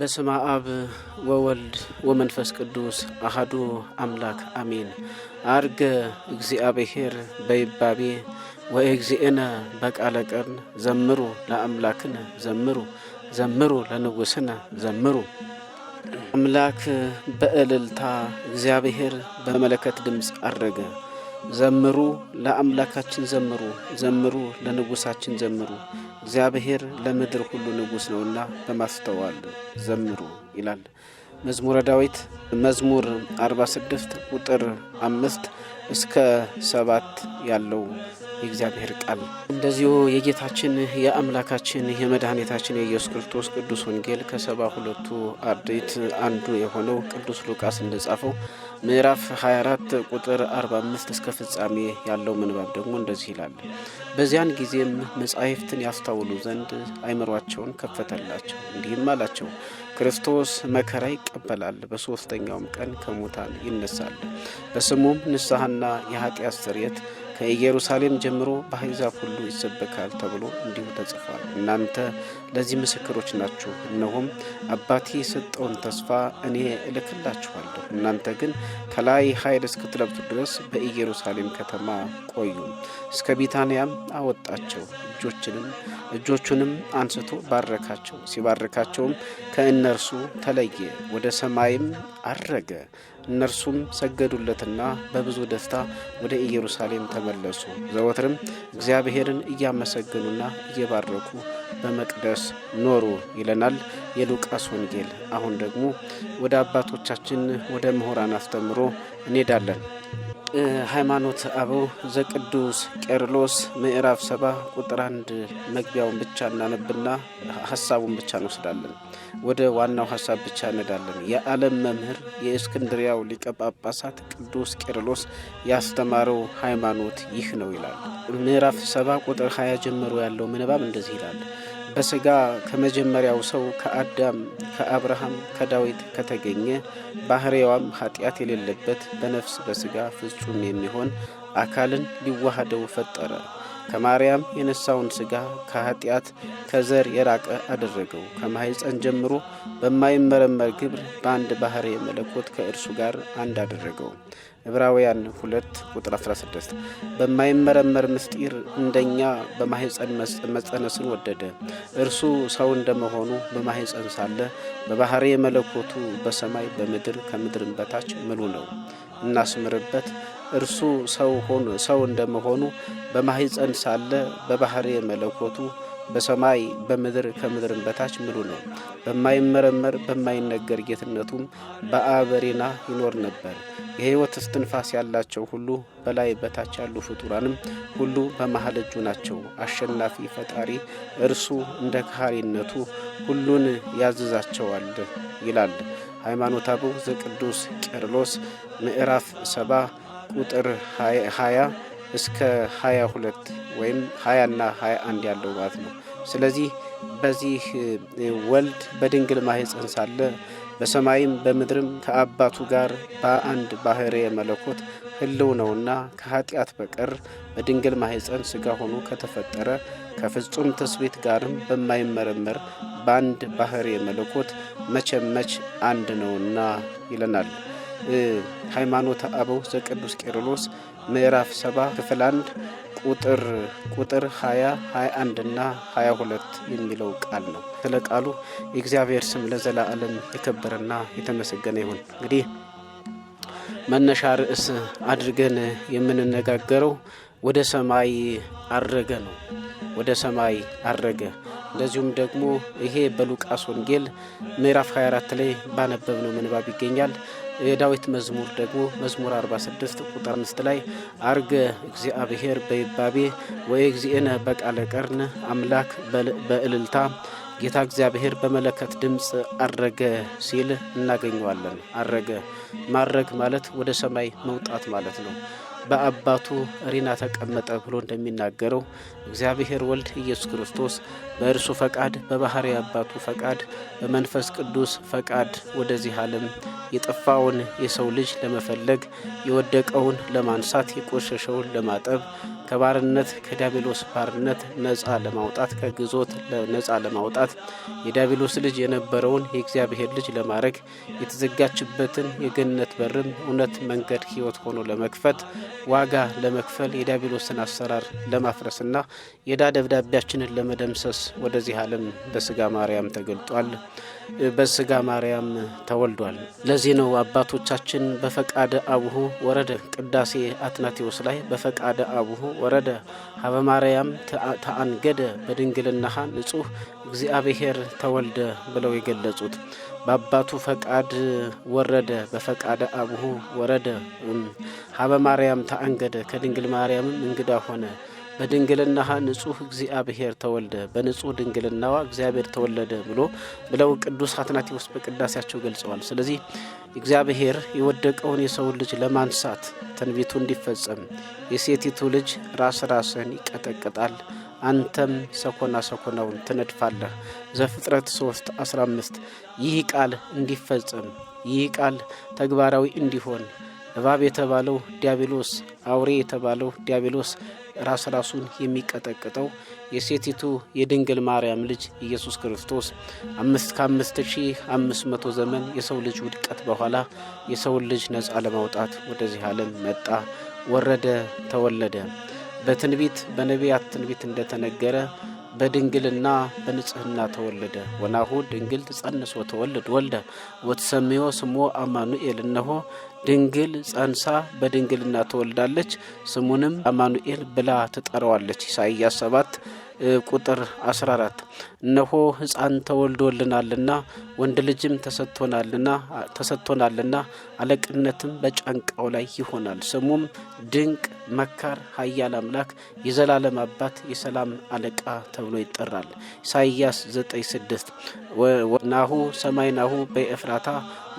በስመ አብ ወወልድ ወመንፈስ ቅዱስ አሐዱ አምላክ አሜን። አርገ እግዚአብሔር በይባቤ ወእግዚእነ በቃለ ቀን ዘምሩ ለአምላክን ዘምሩ ዘምሩ ለንጉስን ዘምሩ። አምላክ በእልልታ እግዚአብሔር በመለከት ድምፅ አረገ። ዘምሩ ለአምላካችን ዘምሩ፣ ዘምሩ ለንጉሳችን ዘምሩ፣ እግዚአብሔር ለምድር ሁሉ ንጉስ ነውና በማስተዋል ዘምሩ ይላል መዝሙረ ዳዊት መዝሙር 46 ቁጥር አምስት እስከ ሰባት ያለው የእግዚአብሔር ቃል እንደዚሁ የጌታችን የአምላካችን የመድኃኒታችን የኢየሱስ ክርስቶስ ቅዱስ ወንጌል ከሰባ ሁለቱ አርድእት አንዱ የሆነው ቅዱስ ሉቃስ እንደጻፈው ምዕራፍ 24 ቁጥር 45 እስከ ፍጻሜ ያለው ምንባብ ደግሞ እንደዚህ ይላል። በዚያን ጊዜም መጻሕፍትን ያስታውሉ ዘንድ አይምሯቸውን ከፈተላቸው፣ እንዲህም አላቸው ክርስቶስ መከራ ይቀበላል፣ በሦስተኛውም ቀን ከሙታን ይነሳል፣ በስሙም ንስሐና የኃጢአት ስርየት ከኢየሩሳሌም ጀምሮ በአሕዛብ ሁሉ ይሰበካል ተብሎ እንዲሁ ተጽፏል። እናንተ ለዚህ ምስክሮች ናችሁ። እነሆም አባቴ የሰጠውን ተስፋ እኔ እልክላችኋለሁ። እናንተ ግን ከላይ ኃይል እስክትለብቱ ድረስ በኢየሩሳሌም ከተማ ቆዩ። እስከ ቢታንያም አወጣቸው። እጆችንም እጆቹንም አንስቶ ባረካቸው። ሲባርካቸውም ከእነርሱ ተለየ፣ ወደ ሰማይም አረገ። እነርሱም ሰገዱለትና በብዙ ደስታ ወደ ኢየሩሳሌም ተመለሱ። ዘወትርም እግዚአብሔርን እያመሰገኑና እየባረኩ በመቅደስ ኖሩ ይለናል የሉቃስ ወንጌል። አሁን ደግሞ ወደ አባቶቻችን ወደ ምሁራን አስተምሮ እንሄዳለን። ሃይማኖት አበው ዘቅዱስ ቄርሎስ ምዕራፍ ሰባ ቁጥር አንድ መግቢያውን ብቻ እናነብና ሀሳቡን ብቻ እንወስዳለን። ወደ ዋናው ሀሳብ ብቻ እንዳለን። የዓለም መምህር የእስክንድሪያው ሊቀ ጳጳሳት ቅዱስ ቄርሎስ ያስተማረው ሃይማኖት ይህ ነው ይላል። ምዕራፍ ሰባ ቁጥር ሀያ ጀምሮ ያለው ምንባብ እንደዚህ ይላል። በስጋ ከመጀመሪያው ሰው ከአዳም ከአብርሃም ከዳዊት ከተገኘ ባህሪዋም ኃጢአት የሌለበት በነፍስ በስጋ ፍጹም የሚሆን አካልን ሊዋሃደው ፈጠረ። ከማርያም የነሳውን ሥጋ ከኃጢአት ከዘር የራቀ አደረገው። ከማኅፀን ጀምሮ በማይመረመር ግብር በአንድ ባሕር መለኮት ከእርሱ ጋር አንድ አደረገው። ዕብራውያን 2 ቁጥር 16 በማይመረመር ምስጢር እንደኛ በማኅፀን መጸነስን ወደደ። እርሱ ሰው እንደመሆኑ በማኅፀን ሳለ በባሕር መለኮቱ በሰማይ በምድር ከምድርም በታች ምሉ ነው። እናስምርበት። እርሱ ሰው ሆኖ ሰው እንደመሆኑ በማህፀን ሳለ በባህሪ መለኮቱ በሰማይ በምድር ከምድርን በታች ምሉ ነው። በማይመረመር በማይነገር ጌትነቱም በአበሬና ይኖር ነበር። የህይወት እስትንፋስ ያላቸው ሁሉ በላይ በታች ያሉ ፍጡራንም ሁሉ በመሀል እጁ ናቸው። አሸናፊ ፈጣሪ እርሱ እንደ ካህሪነቱ ሁሉን ያዝዛቸዋል ይላል ሃይማኖተ አበው ዘቅዱስ ቄርሎስ ምዕራፍ ሰባ ቁጥር 20 እስከ 22 ወይም 20 እና 21 ያለው ማለት ነው። ስለዚህ በዚህ ወልድ በድንግል ማህፀን ሳለ በሰማይም በምድርም ከአባቱ ጋር በአንድ ባሕርየ መለኮት ህልው ነውና ከኃጢአት በቀር በድንግል ማህፀን ስጋ ሆኖ ከተፈጠረ ከፍጹም ተስቤት ጋርም በማይመረመር በአንድ ባሕርየ መለኮት መቼም መች አንድ ነውና ይለናል። ሃይማኖተ አበው ዘቅዱስ ቄርሎስ ምዕራፍ 7 ክፍል አንድ ቁጥር ቁጥር 20 21 እና 22 የሚለው ቃል ነው። ስለ ቃሉ የእግዚአብሔር ስም ለዘላለም የከበረና የተመሰገነ ይሁን። እንግዲህ መነሻ ርዕስ አድርገን የምንነጋገረው ወደ ሰማይ አረገ ነው። ወደ ሰማይ አረገ እንደዚሁም ደግሞ ይሄ በሉቃስ ወንጌል ምዕራፍ 24 ላይ ባነበብነው ምንባብ ይገኛል። የዳዊት መዝሙር ደግሞ መዝሙር 46 ቁጥር 5 ላይ አርገ እግዚአብሔር በይባቤ ወእግዚእነ በቃለ ቀርን አምላክ በእልልታ ጌታ እግዚአብሔር በመለከት ድምፅ አረገ ሲል እናገኘዋለን። አረገ ማድረግ ማለት ወደ ሰማይ መውጣት ማለት ነው። በአባቱ ሪና ተቀመጠ ብሎ እንደሚናገረው እግዚአብሔር ወልድ ኢየሱስ ክርስቶስ በእርሱ ፈቃድ በባህሪ አባቱ ፈቃድ በመንፈስ ቅዱስ ፈቃድ ወደዚህ ዓለም የጠፋውን የሰው ልጅ ለመፈለግ የወደቀውን ለማንሳት የቆሸሸውን ለማጠብ ከባርነት ከዲያብሎስ ባርነት ነፃ ለማውጣት ከግዞት ነጻ ለማውጣት የዲያብሎስ ልጅ የነበረውን የእግዚአብሔር ልጅ ለማድረግ የተዘጋችበትን የገነት በርም እውነት መንገድ ህይወት ሆኖ ለመክፈት ዋጋ ለመክፈል የዲያብሎስን አሰራር ለማፍረስና የዕዳ ደብዳቤያችንን ለመደምሰስ ወደዚህ ዓለም በስጋ ማርያም ተገልጧል። በስጋ ማርያም ተወልዷል። ለዚህ ነው አባቶቻችን በፈቃደ አቡሁ ወረደ ቅዳሴ አትናቴዎስ ላይ በፈቃደ አቡሁ ወረደ ሀበ ማርያም ተአንገደ በድንግልናሃ ንጹህ እግዚአብሔር ተወልደ ብለው የገለጹት በአባቱ ፈቃድ ወረደ በፈቃደ አቡሁ ወረደ ሀበ ማርያም ተአንገደ ከድንግል ማርያምም እንግዳ ሆነ በድንግልናህ ንጹህ እግዚአብሔር ተወልደ፣ በንጹህ ድንግልናዋ እግዚአብሔር ተወለደ ብሎ ብለው ቅዱስ አትናቴዎስ በቅዳሴያቸው ገልጸዋል። ስለዚህ እግዚአብሔር የወደቀውን የሰውን ልጅ ለማንሳት ትንቢቱ እንዲፈጸም የሴቲቱ ልጅ ራስ ራስን ይቀጠቅጣል አንተም ሰኮና ሰኮናውን ትነድፋለህ ዘፍጥረት 3 15 ይህ ቃል እንዲፈጸም ይህ ቃል ተግባራዊ እንዲሆን እባብ የተባለው ዲያብሎስ አውሬ የተባለው ዲያብሎስ ራስ ራሱን የሚቀጠቅጠው የሴቲቱ የድንግል ማርያም ልጅ ኢየሱስ ክርስቶስ አምስት ከአምስት ሺህ አምስት መቶ ዘመን የሰው ልጅ ውድቀት በኋላ የሰውን ልጅ ነፃ ለማውጣት ወደዚህ ዓለም መጣ፣ ወረደ፣ ተወለደ። በትንቢት በነቢያት ትንቢት እንደተነገረ በድንግልና በንጽህና ተወለደ ወናሁ ድንግል ጸንሶ ተወልድ ወልደ ወትሰሚዮ ስሞ አማኑኤል እነሆ ድንግል ጸንሳ በድንግልና ተወልዳለች ስሙንም አማኑኤል ብላ ትጠራዋለች ኢሳይያስ 7 ቁጥር 14 እነሆ ሕፃን ተወልዶልናልና ወንድ ልጅም ተሰጥቶናልና አለቅነትም በጫንቃው ላይ ይሆናል። ስሙም ድንቅ መካር፣ ኃያል አምላክ፣ የዘላለም አባት፣ የሰላም አለቃ ተብሎ ይጠራል። ኢሳይያስ 9፥6 ናሁ ሰማይ ናሁ በኤፍራታ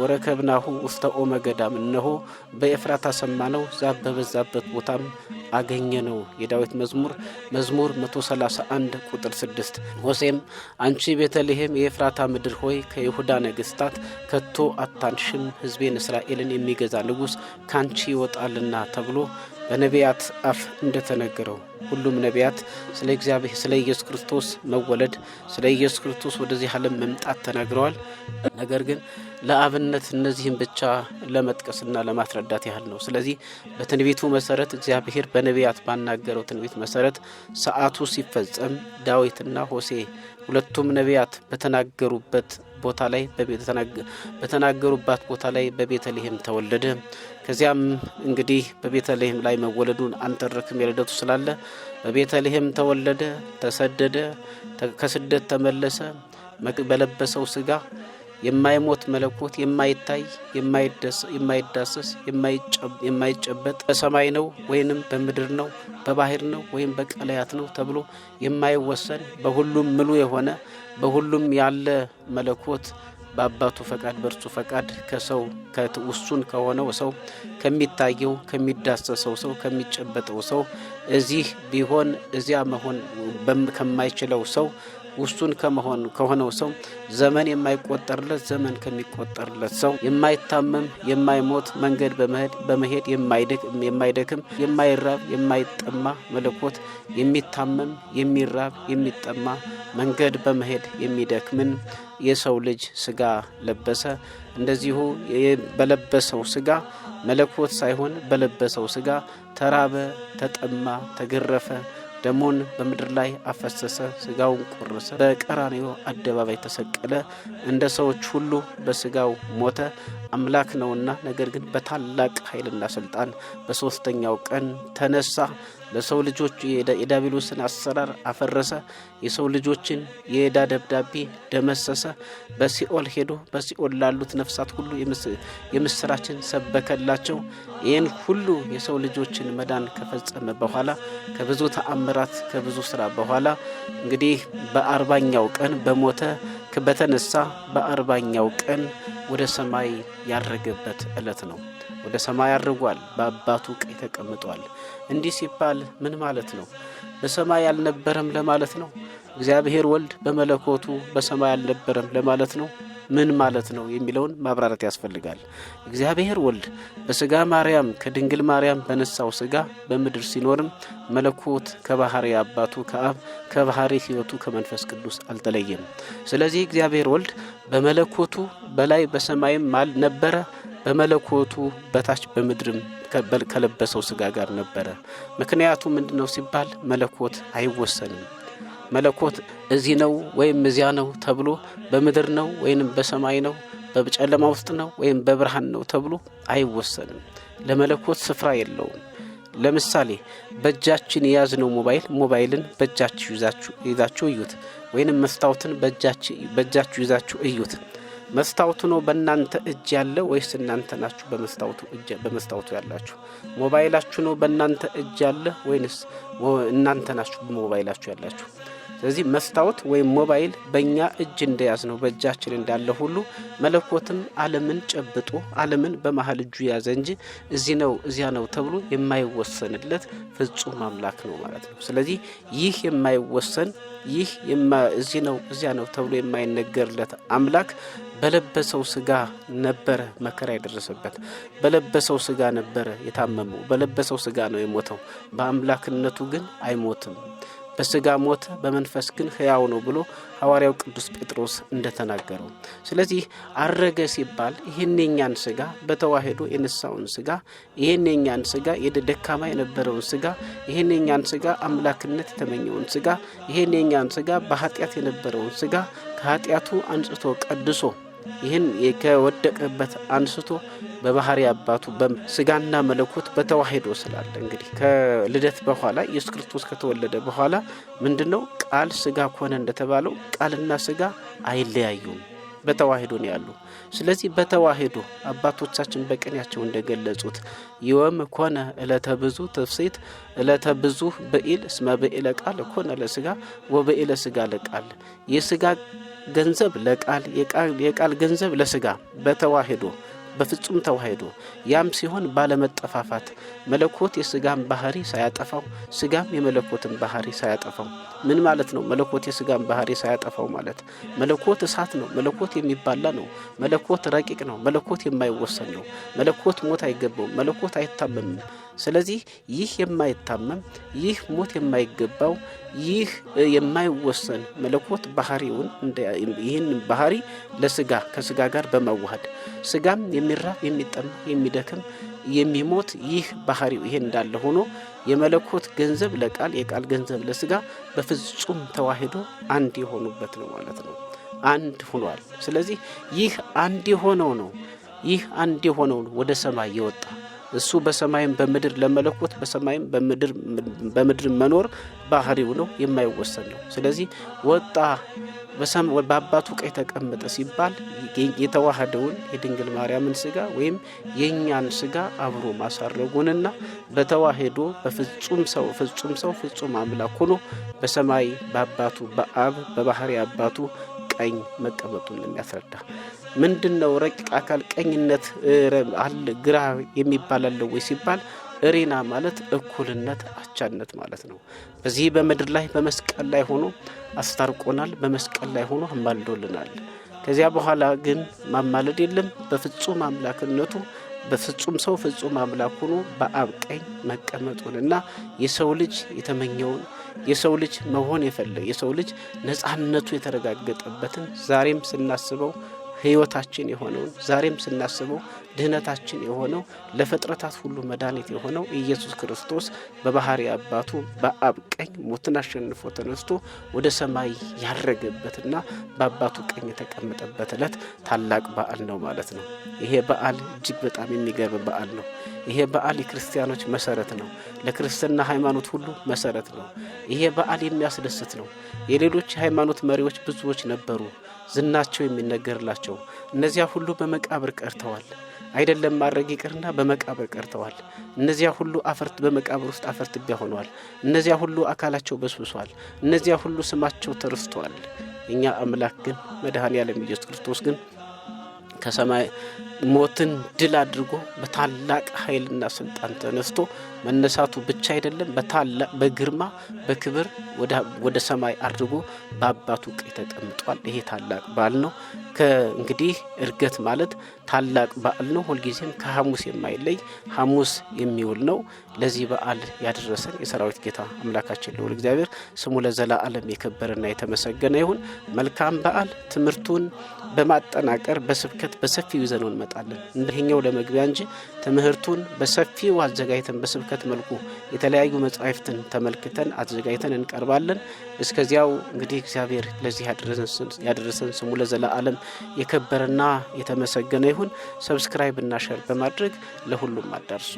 ወረከብ ናሁ ውስተ ኦመ ገዳም እነሆ በኤፍራታ ሰማነው ዛፍ በበዛበት ቦታም አገኘ ነው። የዳዊት መዝሙር መዝሙር 131 ቁጥር 6 ሆሴም አንቺ ቤተልሔም የኤፍራታ ምድር ሆይ ከይሁዳ ነገሥታት ከቶ አታንሽም፣ ሕዝቤን እስራኤልን የሚገዛ ንጉሥ ካንቺ ይወጣልና ተብሎ በነቢያት አፍ እንደተነገረው ሁሉም ነቢያት ስለ እግዚአብሔር ስለ ኢየሱስ ክርስቶስ መወለድ ስለ ኢየሱስ ክርስቶስ ወደዚህ ዓለም መምጣት ተናግረዋል። ነገር ግን ለአብነት እነዚህም ብቻ ለመጥቀስና ለማስረዳት ያህል ነው። ስለዚህ በትንቢቱ መሰረት እግዚአብሔር በነቢያት ባናገረው ትንቢት መሰረት ሰዓቱ ሲፈጸም ዳዊትና ሆሴ ሁለቱም ነቢያት በተናገሩበት ቦታ ላይ በተናገሩባት ቦታ ላይ በቤተልሔም ተወለደ። ከዚያም እንግዲህ በቤተልሔም ላይ መወለዱን አንተርክም የልደቱ ስላለ በቤተልሔም ተወለደ፣ ተሰደደ፣ ከስደት ተመለሰ በለበሰው ስጋ የማይሞት መለኮት የማይታይ የማይዳሰስ የማይጨበጥ በሰማይ ነው ወይንም በምድር ነው በባህር ነው ወይም በቀላያት ነው ተብሎ የማይወሰን በሁሉም ምሉ የሆነ በሁሉም ያለ መለኮት በአባቱ ፈቃድ በእርሱ ፈቃድ ከሰው ውሱን ከሆነው ሰው ከሚታየው ከሚዳሰሰው ሰው ከሚጨበጠው ሰው እዚህ ቢሆን እዚያ መሆን ከማይችለው ሰው ውሱን ከመሆን ከሆነው ሰው ዘመን የማይቆጠርለት ዘመን ከሚቆጠርለት ሰው የማይታመም የማይሞት መንገድ በመሄድ በመሄድ የማይደክም የማይራብ የማይጠማ መለኮት የሚታመም የሚራብ የሚጠማ መንገድ በመሄድ የሚደክምን የሰው ልጅ ስጋ ለበሰ። እንደዚሁ በለበሰው ስጋ መለኮት ሳይሆን በለበሰው ስጋ ተራበ፣ ተጠማ፣ ተገረፈ ደሞን በምድር ላይ አፈሰሰ፣ ስጋውን ቆረሰ፣ በቀራንዮ አደባባይ ተሰቀለ። እንደ ሰዎች ሁሉ በስጋው ሞተ። አምላክ ነውና፣ ነገር ግን በታላቅ ኃይልና ስልጣን በሶስተኛው ቀን ተነሳ። ለሰው ልጆች የዳቢሎስን አሰራር አፈረሰ። የሰው ልጆችን የዕዳ ደብዳቤ ደመሰሰ። በሲኦል ሄዶ በሲኦል ላሉት ነፍሳት ሁሉ የምስራችን ሰበከላቸው። ይህን ሁሉ የሰው ልጆችን መዳን ከፈጸመ በኋላ ከብዙ ተአምራት ከብዙ ስራ በኋላ እንግዲህ በአርባኛው ቀን በሞተ በተነሳ በአርባኛው ቀን ወደ ሰማይ ያረገበት ዕለት ነው። ወደ ሰማይ አድርጓል፣ በአባቱ ቀኝ ተቀምጧል። እንዲህ ሲባል ምን ማለት ነው? በሰማይ አልነበረም ለማለት ነው? እግዚአብሔር ወልድ በመለኮቱ በሰማይ አልነበረም ለማለት ነው? ምን ማለት ነው የሚለውን ማብራራት ያስፈልጋል። እግዚአብሔር ወልድ በስጋ ማርያም ከድንግል ማርያም በነሳው ስጋ በምድር ሲኖርም መለኮት ከባህሪ አባቱ ከአብ ከባህሪ ሕይወቱ ከመንፈስ ቅዱስ አልተለየም። ስለዚህ እግዚአብሔር ወልድ በመለኮቱ በላይ በሰማይም አልነበረ በመለኮቱ በታች በምድርም ከለበሰው ስጋ ጋር ነበረ። ምክንያቱ ምንድን ነው ሲባል መለኮት አይወሰንም። መለኮት እዚህ ነው ወይም እዚያ ነው ተብሎ በምድር ነው ወይንም በሰማይ ነው በጨለማ ውስጥ ነው ወይም በብርሃን ነው ተብሎ አይወሰንም። ለመለኮት ስፍራ የለውም። ለምሳሌ በእጃችን የያዝነው ሞባይል ሞባይልን በእጃችሁ ይዛችሁ እዩት፣ ወይንም መስታወትን በእጃችሁ ይዛችሁ እዩት። መስታወቱ ነው በእናንተ እጅ ያለ ወይስ እናንተ ናችሁ በመስታወቱ ያላችሁ? ሞባይላችሁ ነው በእናንተ እጅ ያለ ወይንስ እናንተ ናችሁ በሞባይላችሁ ያላችሁ? ስለዚህ መስታወት ወይም ሞባይል በእኛ እጅ እንደያዝ ነው በእጃችን እንዳለ ሁሉ መለኮትም ዓለምን ጨብጦ ዓለምን በመሀል እጁ ያዘ እንጂ እዚህ ነው እዚያ ነው ተብሎ የማይወሰንለት ፍጹም አምላክ ነው ማለት ነው። ስለዚህ ይህ የማይወሰን ይህ እዚህ ነው እዚያ ነው ተብሎ የማይነገርለት አምላክ በለበሰው ስጋ ነበረ መከራ የደረሰበት፣ በለበሰው ስጋ ነበረ የታመመው፣ በለበሰው ስጋ ነው የሞተው። በአምላክነቱ ግን አይሞትም። በስጋ ሞተ፣ በመንፈስ ግን ሕያው ነው ብሎ ሐዋርያው ቅዱስ ጴጥሮስ እንደተናገረው። ስለዚህ አረገ ሲባል ይህን የኛን ስጋ በተዋህዶ የነሳውን ስጋ ይህን የኛን ስጋ ደካማ የነበረውን ስጋ ይህን የኛን ስጋ አምላክነት የተመኘውን ስጋ ይህን የኛን ስጋ በኃጢአት የነበረውን ስጋ ከኃጢአቱ አንጽቶ ቀድሶ ይህን ከወደቀበት አንስቶ በባህሪ አባቱ ስጋና መለኮት በተዋህዶ ስላለ እንግዲህ ከልደት በኋላ ኢየሱስ ክርስቶስ ከተወለደ በኋላ ምንድነው ቃል ስጋ ኮነ እንደተባለው ቃልና ስጋ አይለያዩም። በተዋሂዶ ነው ያሉ። ስለዚህ በተዋሂዶ አባቶቻችን በቅኔያቸው እንደገለጹት ይወም ኮነ እለተ ብዙ ትፍሴት እለተ ብዙ ብኢል እስመ ብኢለ ቃል ኮነ ለስጋ ወብኢለ ስጋ ለቃል የስጋ ገንዘብ ለቃል የቃል ገንዘብ ለስጋ በተዋሂዶ በፍጹም ተዋህዶ ያም ሲሆን ባለመጠፋፋት መለኮት የስጋን ባህሪ ሳያጠፋው ስጋም የመለኮትን ባህሪ ሳያጠፋው። ምን ማለት ነው? መለኮት የስጋም ባህሪ ሳያጠፋው ማለት መለኮት እሳት ነው። መለኮት የሚባላ ነው። መለኮት ረቂቅ ነው። መለኮት የማይወሰን ነው። መለኮት ሞት አይገባውም። መለኮት አይታመምም። ስለዚህ ይህ የማይታመም ይህ ሞት የማይገባው ይህ የማይወሰን መለኮት ባህሪውን ይህን ባህሪ ለስጋ ከስጋ ጋር በመዋሃድ ስጋም የሚራብ የሚጠማ የሚደክም የሚሞት ይህ ባህሪው ይሄ እንዳለ ሆኖ የመለኮት ገንዘብ ለቃል የቃል ገንዘብ ለስጋ በፍጹም ተዋህዶ አንድ የሆኑበት ነው ማለት ነው። አንድ ሆኗል። ስለዚህ ይህ አንድ የሆነው ነው ይህ አንድ የሆነው ነው ወደ ሰማይ የወጣ እሱ በሰማይም በምድር ለመለኮት በሰማይም በምድር መኖር ባህሪው ነው፣ የማይወሰን ነው። ስለዚህ ወጣ በአባቱ ቀኝ ተቀመጠ ሲባል የተዋህደውን የድንግል ማርያምን ስጋ ወይም የእኛን ስጋ አብሮ ማሳረጉንና በተዋህዶ በፍጹም ሰው ፍጹም ሰው ፍጹም አምላክ ሆኖ በሰማይ በአባቱ በአብ በባህሪ አባቱ ቀኝ መቀመጡን የሚያስረዳ ምንድን ነው? ረቂቅ አካል ቀኝነት አለ ግራ የሚባል አለው ወይ ሲባል እሬና ማለት እኩልነት፣ አቻነት ማለት ነው። በዚህ በምድር ላይ በመስቀል ላይ ሆኖ አስታርቆናል። በመስቀል ላይ ሆኖ አማልዶልናል። ከዚያ በኋላ ግን ማማለድ የለም። በፍጹም አምላክነቱ በፍጹም ሰው ፍጹም አምላክ ሆኖ በአብ ቀኝ መቀመጡንና የሰው ልጅ የተመኘውን የሰው ልጅ መሆን የፈለገ የሰው ልጅ ነፃነቱ የተረጋገጠበትን ዛሬም ስናስበው ህይወታችን የሆነውን ዛሬም ስናስበው ድህነታችን የሆነው ለፍጥረታት ሁሉ መድኃኒት የሆነው ኢየሱስ ክርስቶስ በባህሪ አባቱ በአብ ቀኝ ሞትን አሸንፎ ተነስቶ ወደ ሰማይ ያረገበትና በአባቱ ቀኝ የተቀመጠበት ዕለት ታላቅ በዓል ነው ማለት ነው። ይሄ በዓል እጅግ በጣም የሚገርም በዓል ነው። ይሄ በዓል የክርስቲያኖች መሰረት ነው። ለክርስትና ሃይማኖት ሁሉ መሰረት ነው። ይሄ በዓል የሚያስደስት ነው። የሌሎች ሃይማኖት መሪዎች ብዙዎች ነበሩ፣ ዝናቸው የሚነገርላቸው እነዚያ ሁሉ በመቃብር ቀርተዋል። አይደለም ማድረግ ይቅርና በመቃብር ቀርተዋል። እነዚያ ሁሉ አፈርት በመቃብር ውስጥ አፈር ትቢያ ሆነዋል። እነዚያ ሁሉ አካላቸው በስብሷል። እነዚያ ሁሉ ስማቸው ተረስተዋል እኛ አምላክ ግን መድኃኔ ዓለም ኢየሱስ ክርስቶስ ግን ከሰማይ ሞትን ድል አድርጎ በታላቅ ኃይልና ስልጣን ተነስቶ መነሳቱ ብቻ አይደለም፣ በታላቅ በግርማ በክብር ወደ ሰማይ አድርጎ በአባቱ ቀኝ ተቀምጧል። ይሄ ታላቅ በዓል ነው። እንግዲህ እርገት ማለት ታላቅ በዓል ነው። ሁልጊዜም ከሐሙስ የማይለይ ሐሙስ የሚውል ነው። ለዚህ በዓል ያደረሰን የሰራዊት ጌታ አምላካችን ልዑል እግዚአብሔር ስሙ ለዘላለም የከበረና የተመሰገነ ይሁን። መልካም በዓል። ትምህርቱን በማጠናቀር በስብከት በሰፊው ይዘነው እንመጣለን። እንደኛው ለመግቢያ እንጂ ትምህርቱን በሰፊው አዘጋጅተን በስብ በሚመለከት መልኩ የተለያዩ መጽሐፍትን ተመልክተን አዘጋጅተን እንቀርባለን። እስከዚያው እንግዲህ እግዚአብሔር ለዚህ ያደረሰን ስሙ ለዘለዓለም የከበረና የተመሰገነ ይሁን። ሰብስክራይብ እና ሸር በማድረግ ለሁሉም አዳርሱ።